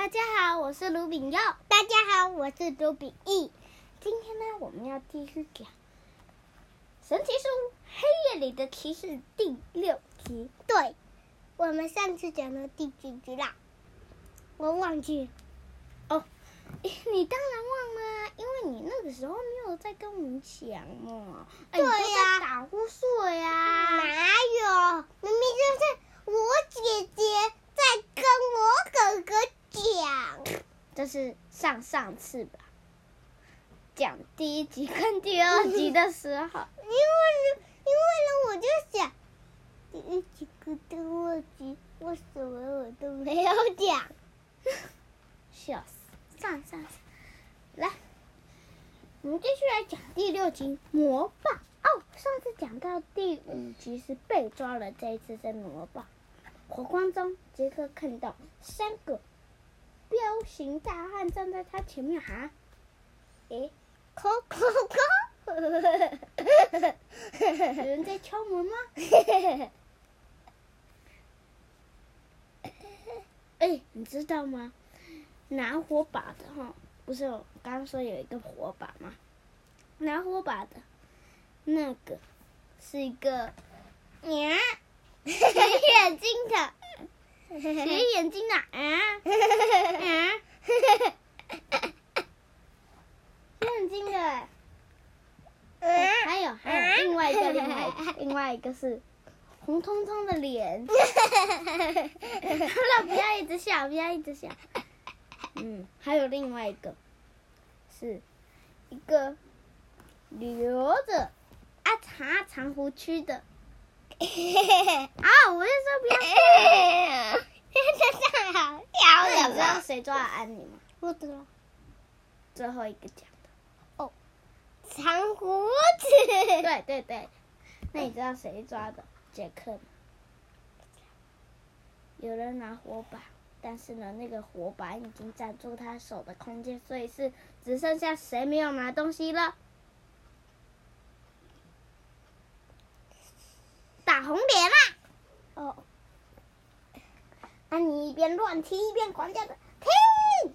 大家好，我是盧炳佑。大家好，我是周炳義。今天呢，我們要繼續講《神奇書：黑夜裡的騎士》第六集。對，我們上次講到第幾集了？我忘記。哦，你當然忘了，因為你那個時候沒有在跟我們講嘛。對呀，啊。哎，你在打呼睡呀，啊！哪有？明明就是我姐姐在跟我哥哥講。講，這、就是上上次吧？講第一集跟第二集的時候，因為因為呢，我就想，第一集跟第二集，我什麼我都沒有講。笑死，上上次，來，我們繼續來講第六集魔棒哦。上次講到第五集是被抓了，這一次在魔棒。火光中，傑克看到三個。彪形大漢站在他前面喊：“誒，扣、扣、扣，有人在敲門嗎？”哎、 欸，你知道嗎？拿火把的哈，不是我剛剛說有一個火把嗎？拿火把的那個是一個，啊、嗯，戴眼鏡的。誰眼睛啊？啊、嗯、啊！嗯、眼睛的、欸欸？還有還有另外一個另外一個，另外一個是紅彤彤的臉。 不要一直笑，不要一直笑。嗯，還有另外一個，是一個留着茶長鬍鬚的。 啊！我是說不要笑，啊，就這樣。然後你知道誰抓了安妮嗎？不知道。最後一個講的。哦，長鬍子。對對對，那你知道誰抓的傑克呢？ 有人拿火把，但是呢，那個火把已經佔住他手的空間，所以是只剩下誰沒有拿東西了？打紅臉嘛。哦，安妮一邊亂踢一邊狂叫的，踢！”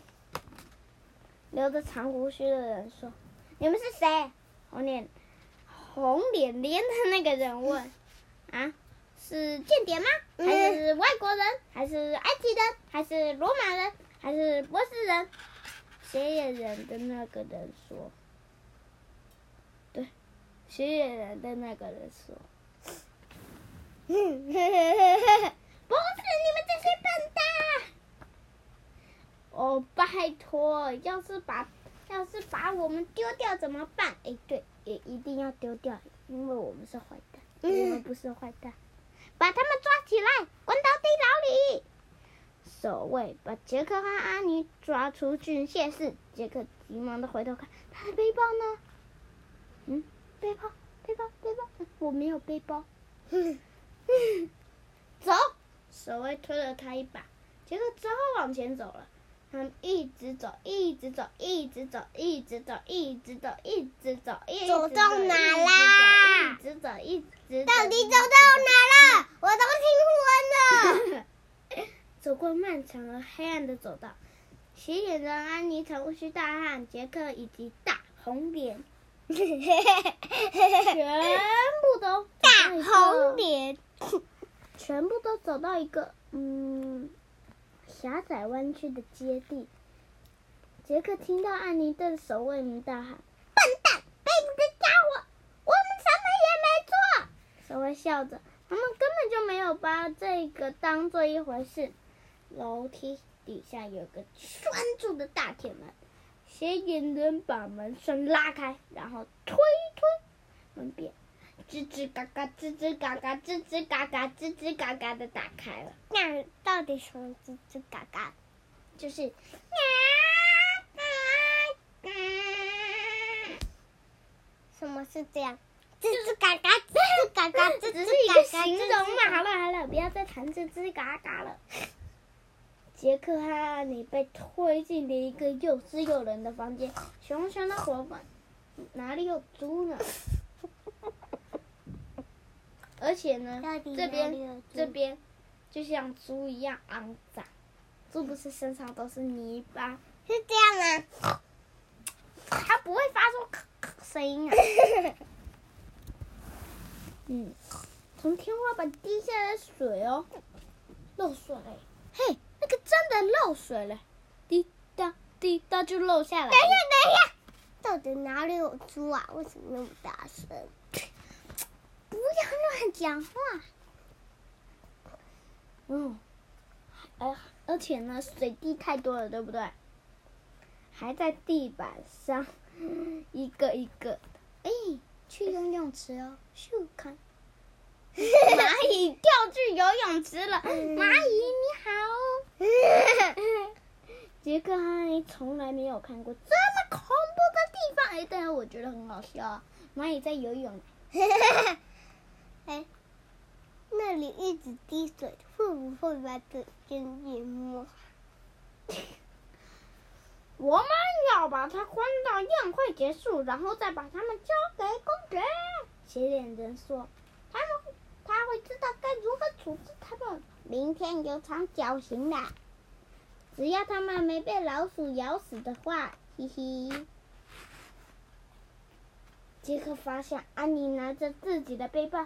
留着長鬍鬚的人說：“你們是誰？”紅臉紅臉臉的那個人問、嗯：“啊，是間諜嗎、嗯？還是外國人？還是埃及人？還是羅馬人？還是波斯人？”誰野人的那個人說：“對，誰野人的那個人說。”嗯，呵，不是你們這些笨蛋、啊！哦，oh，拜託，要是把，要是把我們丟掉怎麼辦？哎、欸，對，也一定要丟掉，因為我們是壞蛋，我們不是壞蛋， 把他們抓起來，關到地牢裡。守衛把傑克和阿尼抓出軍械室。傑克急忙的回頭看，他的背包呢？嗯，背包，背包，背包，我沒有背包。 嗯， 走！守衛推了他一把，傑克只好往前走了。他們一直走，一直走，一直走，一直走，一直走，一直走，一直走，直走到哪啦？一直走，一直走走到,到底走到哪了？ 我都聽完了。 走過漫長而黑暗的走道，洗臉的安妮、長胡鬚大漢、傑克以及大紅臉， 全部都大紅臉。 全部都走到一個嗯狹窄彎曲的階梯。傑克聽到安妮對守衛們大喊：“笨蛋，卑鄙的家伙，我們什麼也沒做！”守衛笑着，他們根本就沒有把這個當做一回事。樓梯底下有個拴住的大鐵門，誰也能把門栓拉開，然後推推門邊，吱吱嘎嘎，吱吱嘎嘎，吱吱嘎嘎，吱吱嘎嘎的打開了。那到底什麼吱吱嘎嘎？就是，什麼是這樣？吱吱嘎嘎，吱吱嘎嘎，吱吱一個形容詞。好了好了，不要再談吱吱嘎嘎了。傑克和安妮被推進了一個又濕又冷的房間。熊熊的火把，哪裡有豬呢？而且呢，這邊這邊就像豬一樣骯髒，豬不是身上都是泥巴？是這樣嗎？它不會發出咳咳聲音啊。 嗯，從天花板滴下來的水哦，漏水。嘿，那個真的漏水了，滴答滴答就漏下來了。等一下，等一下，到底哪裡有豬啊？為什麼那麼大聲？講話，嗯，而而且呢，水滴太多了，對不對？還在地板上，一個一個，哎，去游泳池哦，去看 螞蟻掉進游泳池了， 螞蟻你好，傑 克還從來沒有看過這麼恐怖的地方，哎，但是我覺得很好笑啊，螞蟻在游泳。 嘿，那裡一直滴水，會不會把自己淹沒？我們要把它關到宴會結束，然後再把他們交給公爵。洗臉人說：“他們他會知道該如何處置他們。明天有場絞刑的，啊，只要他們沒被老鼠咬死的話。”嘿嘿。杰克發現安妮拿着自己的背包。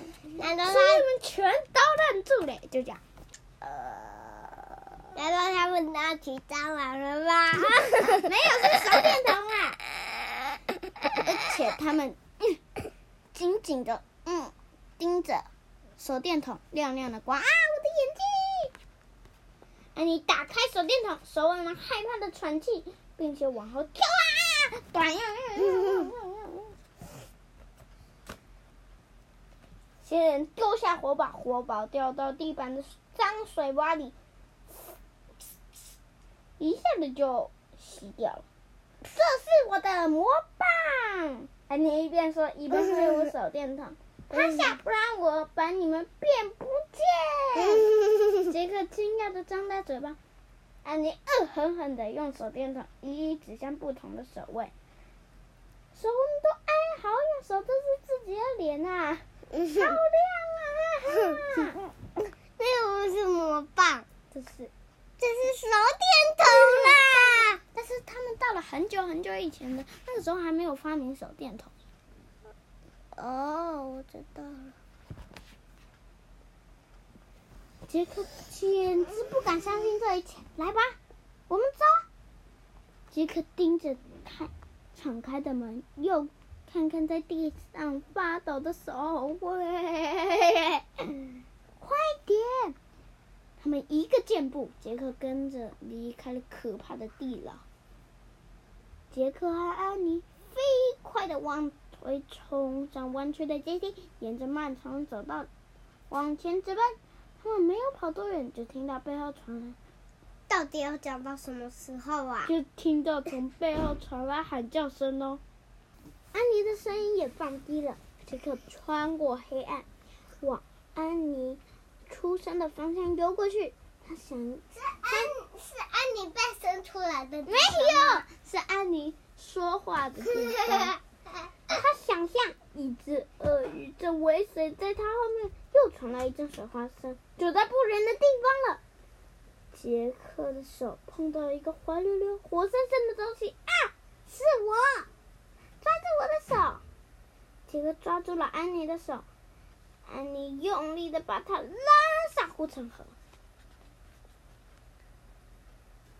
難道他們全都愣住了？就這樣。難道他們拿起蟑螂了嗎？ 啊、沒有，是手電筒啊。而且他們緊、嗯、緊的嗯盯着手電筒亮亮的光啊，我的眼睛、啊！你打開手電筒，手往那害怕的喘氣，並且往後跳啊！短樣、嗯。嗯先人丟下火把，火把掉到地板的髒水窪裡，一下子就熄掉了。這是我的魔棒！安妮一邊說一邊揮舞手電筒：“趴下，不然我把你們變不見！”傑克驚訝的張大嘴巴。安妮惡、呃、狠狠的用手電筒一一指向不同的守衛，守衛們都哀嚎用、啊、手遮住自己的臉呐、啊。漂亮啊！ 那不是魔棒，這是，這是手電筒啦。是但是他們到了很久很久以前的，那個時候還沒有發明手電筒。哦，我知道了。杰克簡直不敢相信這一切。來吧，我們走。杰克盯着開敞開的門，又。看看在地上發抖的守衛，快點！他們一個箭步，傑克跟着離開了可怕的地牢。傑克和安妮飛快地往回衝，上彎曲的階梯，沿着漫長的走道往前直奔。他們沒有跑多遠，就聽到背後傳來。到底要講到什麼時候啊？就聽到從背後傳來喊叫聲哦。安妮的聲音也放低了。傑克穿過黑暗，往安妮出生的方向游過去。他想，是安是安妮誕生出來的地方？沒有，是安妮說話的地方。他 想象一隻鱷魚正尾隨在他後面。又傳來一陣水花聲，走在不遠的地方了。傑克的手碰到了一個滑溜溜、活生生的東西。啊，是我。傑克抓住了安妮的手，安妮用力的把他拉上護城河，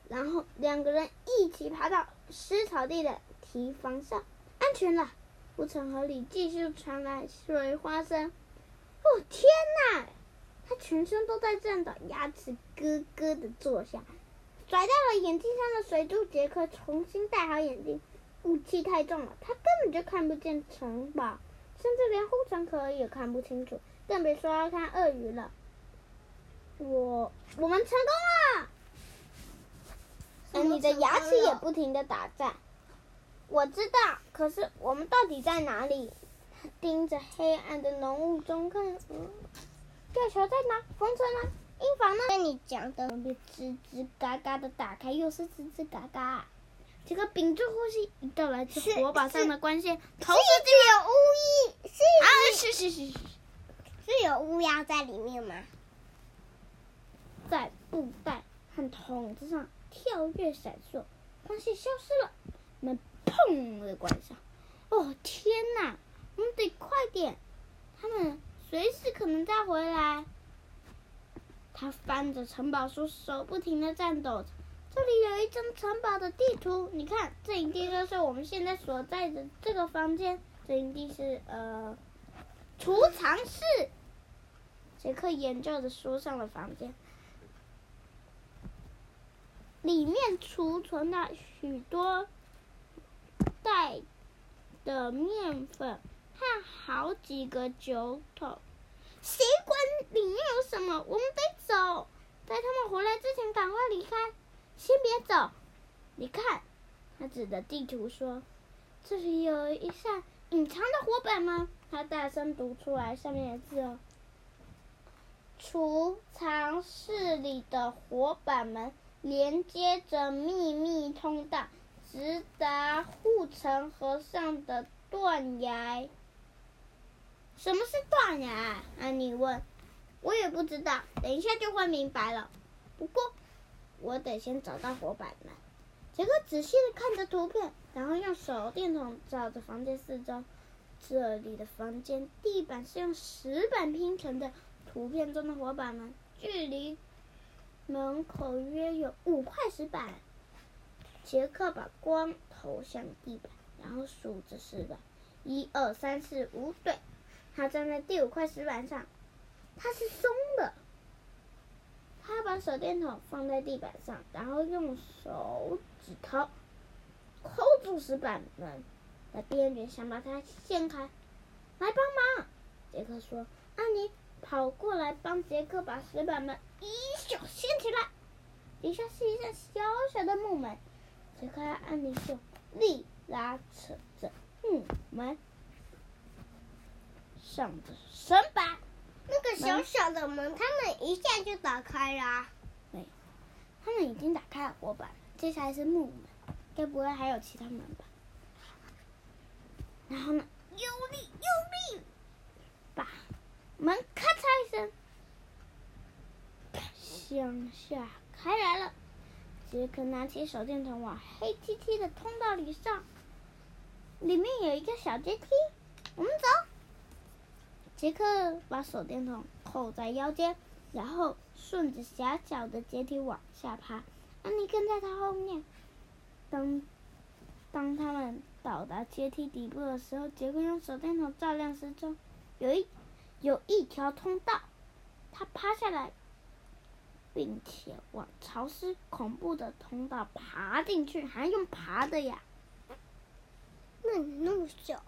然後兩個人一起爬到濕草地的堤防上，安全了。護城河裡繼續傳來水花聲。哦天哪！他全身都在顫抖，牙齒咯咯的作響。甩掉了眼鏡上的水珠，傑克重新戴好眼鏡。霧氣太重了，他根本就看不見城堡，甚至連護城河也看不清楚，更別說要看鱷魚了。我，我們成功了！什麼成功了？啊、你的牙齒也不停地打顫。我知道，可是我們到底在哪裡？盯着黑暗的濃霧中看，吊、嗯、橋在哪？風車呢？英房呢？跟你講的，吱吱嘎嘎,嘎嘎的打開，又是吱吱嘎,嘎嘎。這個屏住呼吸，一道來自火把上的光線投射進屋裡，是是是是,是,、啊、是,是,是,是,是，是有烏鴉在裡面嗎？在布袋和桶子上跳躍閃爍，光線消失了，門砰的關上。哦天哪，我們得快點，他們隨時可能再回來。他翻着城堡書，手不停的顫抖着。有一張城堡的地圖，你看，這一定就是我們現在所在的這個房間。這一定是呃儲藏室。傑克研究着書上的房間，裡面儲存了許多袋的麵粉和好幾個酒桶。誰管裡面有什麼？我們得走，在他們回來之前，趕快離開。你看，他指着地圖說：“這裡有一扇隱藏的活板嗎？”他大聲讀出來上面的字：“哦。儲藏室裡的活板門連接着秘密通道，直達護城河上的斷崖。”“什麼是斷崖？”啊，安妮問。“我也不知道，等一下就會明白了。”不過。我得先找到活板門，杰克仔細地看着圖片，然後用手電筒照着房間四周。這裡的房間地板是用石板拼成的，圖片中的活板門，距離門口約有五塊石板。杰克把光投向地板，然後數着石板：一二三四五，對。他站在第五塊石板上，它是鬆的。他把手電筒放在地板上，然後用手指頭摳住石板門的邊緣，想把它掀開。來幫忙！傑克說。安妮跑過來幫傑克把石板門一角掀起來。底下是一扇小小的木門。傑克和安妮就力拉扯着木門上的繩把。這小小的門，門，他們一下就打開了，啊。他們已經打開了火把了，接下來是木門，該不會還有其他門吧？然後呢？用力，用力！把門咔嚓一聲向下開來了。傑克拿起手電筒往黑漆漆的通道裡照，裡面有一個小階梯，我們走。傑克把手電筒扣在腰間，然後順着狹小的階梯往下爬。安妮跟在他後面。當當他們到達階梯底部的時候，傑克用手電筒照亮四周，有一有一條通道。他趴下來，並且往潮濕恐怖的通道爬進去，還用爬的呀？那你那麼小？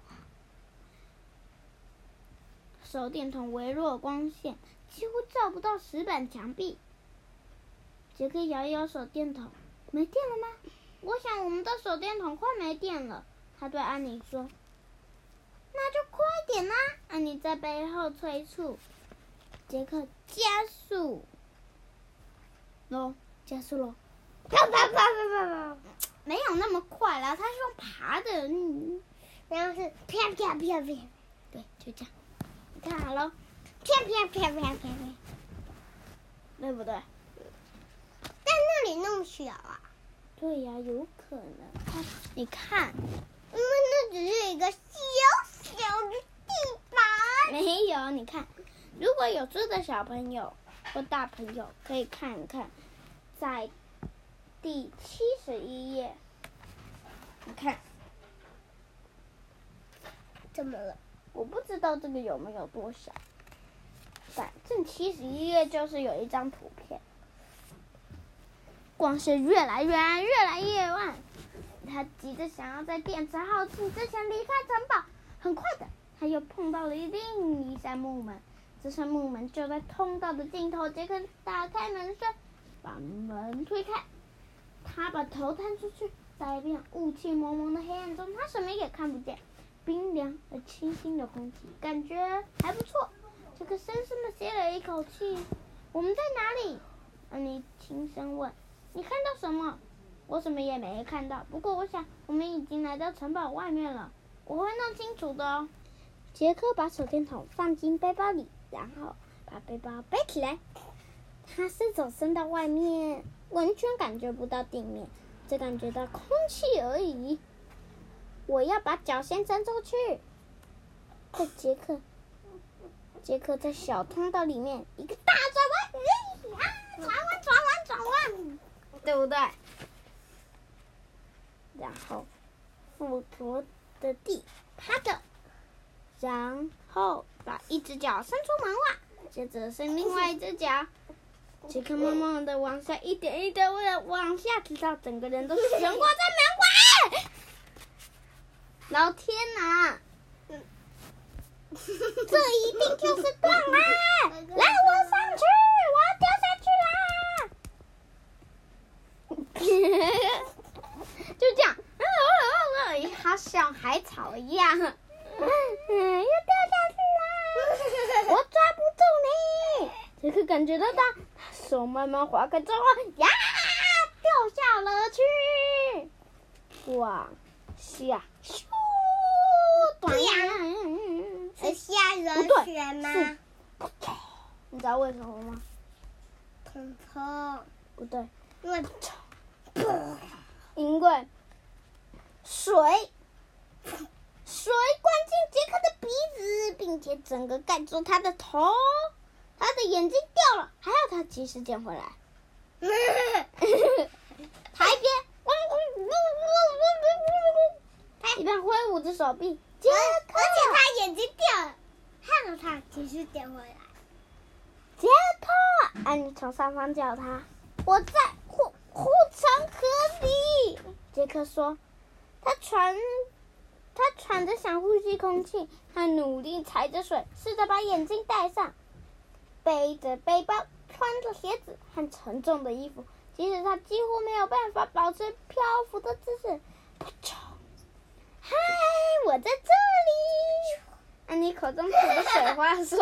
手電筒微弱光線幾乎照不到石板牆壁。傑克搖一搖手電筒，沒電了嗎？我想我們的手電筒快沒電了。他對安妮說：“那就快點啦、啊！”安妮在背後催促。傑克加速，咯，加速咯！啪啪啪啪啪，沒有那麼快了、啊。他是用爬的你，然後是啪啪啪啪，對，就這樣。看好了，啪啪啪啪偏偏對不對？在那裡弄雪啊？對呀、啊，有可能。看你看，因、嗯、那只是一個小小的地板。沒有，你看，如果有這個小朋友或大朋友，可以看一看，在第七十一頁，你看，怎麼了？我不知道這個有沒有多少，反正七十一頁就是有一張圖片。光線越來越暗，越來越暗。他急着想要在電池耗盡之前離開城堡。很快的，他又碰到了一另一扇木門，這扇木門就在通道的盡頭。傑克打開門閂，把門推開。他把頭探出去，在一片霧氣蒙蒙的黑暗中，他什麼也看不見。冰涼而清新的空氣，感覺還不錯。傑克深深的吸了一口氣。我們在哪裡？安、啊、妮輕聲問。你看到什麼？我什麼也沒看到。不過我想，我們已經來到城堡外面了。我會弄清楚的、哦。傑克把手電筒放進背包裡，然後把背包背起來。他伸手伸到外面，完全感覺不到地面，只感覺到空氣而已。我要把腳先伸出去。傑克，傑克在小通道裡面一個大轉彎，呀、啊，轉彎轉彎轉彎，對不對？然後扶着的地趴着，然後把一只腳伸出門外，接着伸另外一只腳。傑、okay. 克慢慢的往下，一點一點的往下，直到整個人都懸掛在門外。 老天吶，嗯，這一定就是斷啦！ 來，我上去，我要掉下去啦！ 就這樣，好、啊、像、啊啊、海草一樣，嗯，嗯要掉下去啦！我抓不住你，傑 克感覺到他手慢慢滑開之後，呀，掉下了去，往下。好、嗯、嚇、嗯嗯、是人不、欸、對，你知道為什麼嗎？彤、嗯、彤、嗯，不對，因為，因為，水，水灌進傑克的鼻子，並且整個蓋住他的頭，他的眼睛掉了，還要他及時撿回來。嗯 欸、一邊揮舞着手臂，傑克、欸，而且他眼睛掉了，看到他，繼續撿回來。傑克，安妮從上方叫他：“我在護護城河裡。”傑克說：“他喘，他喘着想呼吸空氣，他努力踩着水，試着把眼睛戴上，背着背包，穿着鞋子和沉重的衣服，即使他幾乎沒有辦法保持漂浮的姿勢。”嗨，我在這裡。安妮口中吐着水花說：“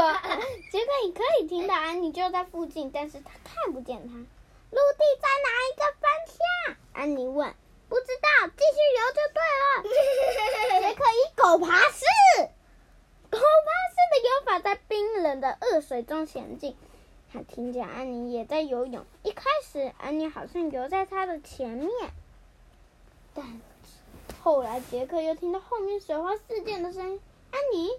杰克，你可以聽到安妮就在附近，但是他看不見她。陸地在哪一個方向？”安妮問。“不知道，繼續游就對了。”杰克以狗爬式，狗爬式的游法在冰冷的惡水中前進。他聽見安妮也在游泳。一開始，安妮好像游在他的前面，但……後來，傑克又聽到後面水花四濺的聲音。安妮，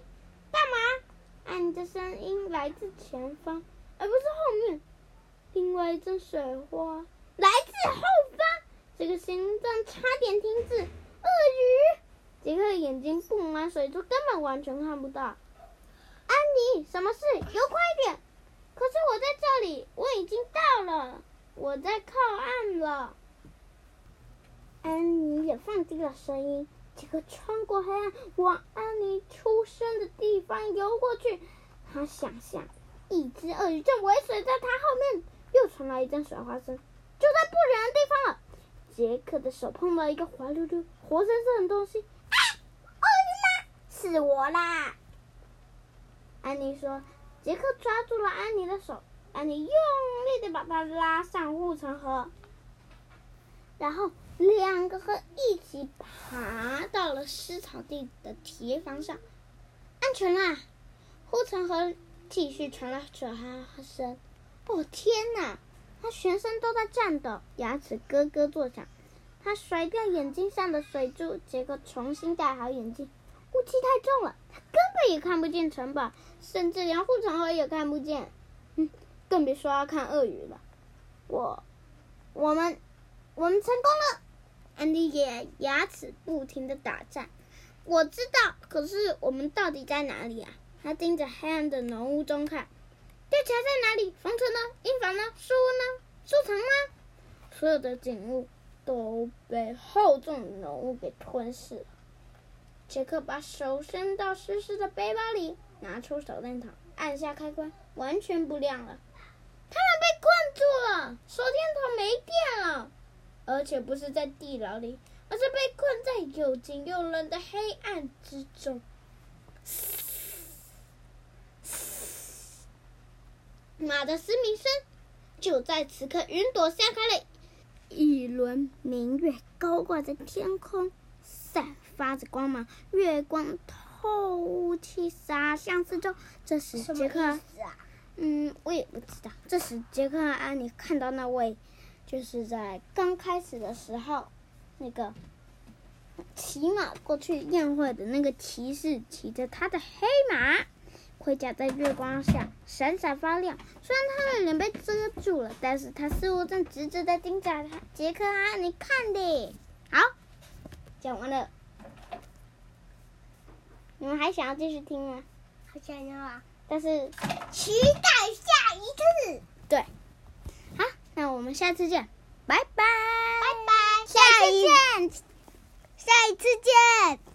幹嘛？安妮的聲音來自前方，而不是後面。另外一陣水花來自後方，這個心臟差點停止。鱷魚！傑克的眼睛布滿水珠，根本完全看不到。安妮，什麼事？遊快點！可是我在這裡，我已經到了，我在靠岸了。放低了聲音，杰克穿過黑暗，往安妮出生的地方游過去。他想象，一隻鱷魚正尾隨在他後面。又傳來一陣水花聲，就在不遠的地方。杰克的手碰到一個滑溜溜、活生生的東西。啊，鱷魚嗎？是我啦！安妮說。杰克抓住了安妮的手，安妮用力的把他拉上護城河，然後。兩個鶴一起爬到了濕草地的堤防上，安全啦！護城河繼續傳來喘哈哈聲。哦天哪，他全身都在顫抖，牙齒咯咯作響。他甩掉眼鏡上的水珠，傑克重新戴好眼鏡。霧氣太重了，他根本也看不見城堡，甚至連護城河也看不見，更別說要看鱷魚了。我，我們，我們成功了！安迪也牙齒不停地打顫。我知道，可是我們到底在哪裡啊？他盯着黑暗的濃霧中看。吊橋在哪裡？房車呢？病房呢？樹屋呢？收藏嗎？所有的景物都被厚重的濃霧給吞噬了。傑克把手伸到濕濕的背包裡，拿出手電筒，按下開關，完全不亮了。他們被困住了，手電筒沒電了。而且不是在地牢裡，而是被困在又緊又冷的黑暗之中。嘶嘶馬的嘶鳴聲，就在此刻，雲朵散開了，一輪明月高掛在天空，散發着光芒，月光透霧氣灑向四周。這時，傑克、啊，嗯，我也不知道。這時，傑克和安妮看到那位。就是在剛開始的時候，那個騎馬過去宴會的那個騎士，騎着他的黑馬，盔甲在月光下閃閃發亮。雖然他的臉被遮住了，但是他似乎正直直的盯着他，傑克啊，你看的。好，講完了，你們還想要繼續聽嗎？好想要啊！但是期待下一次。對。那我們下次見，拜拜，拜拜，下一次見，下一次見。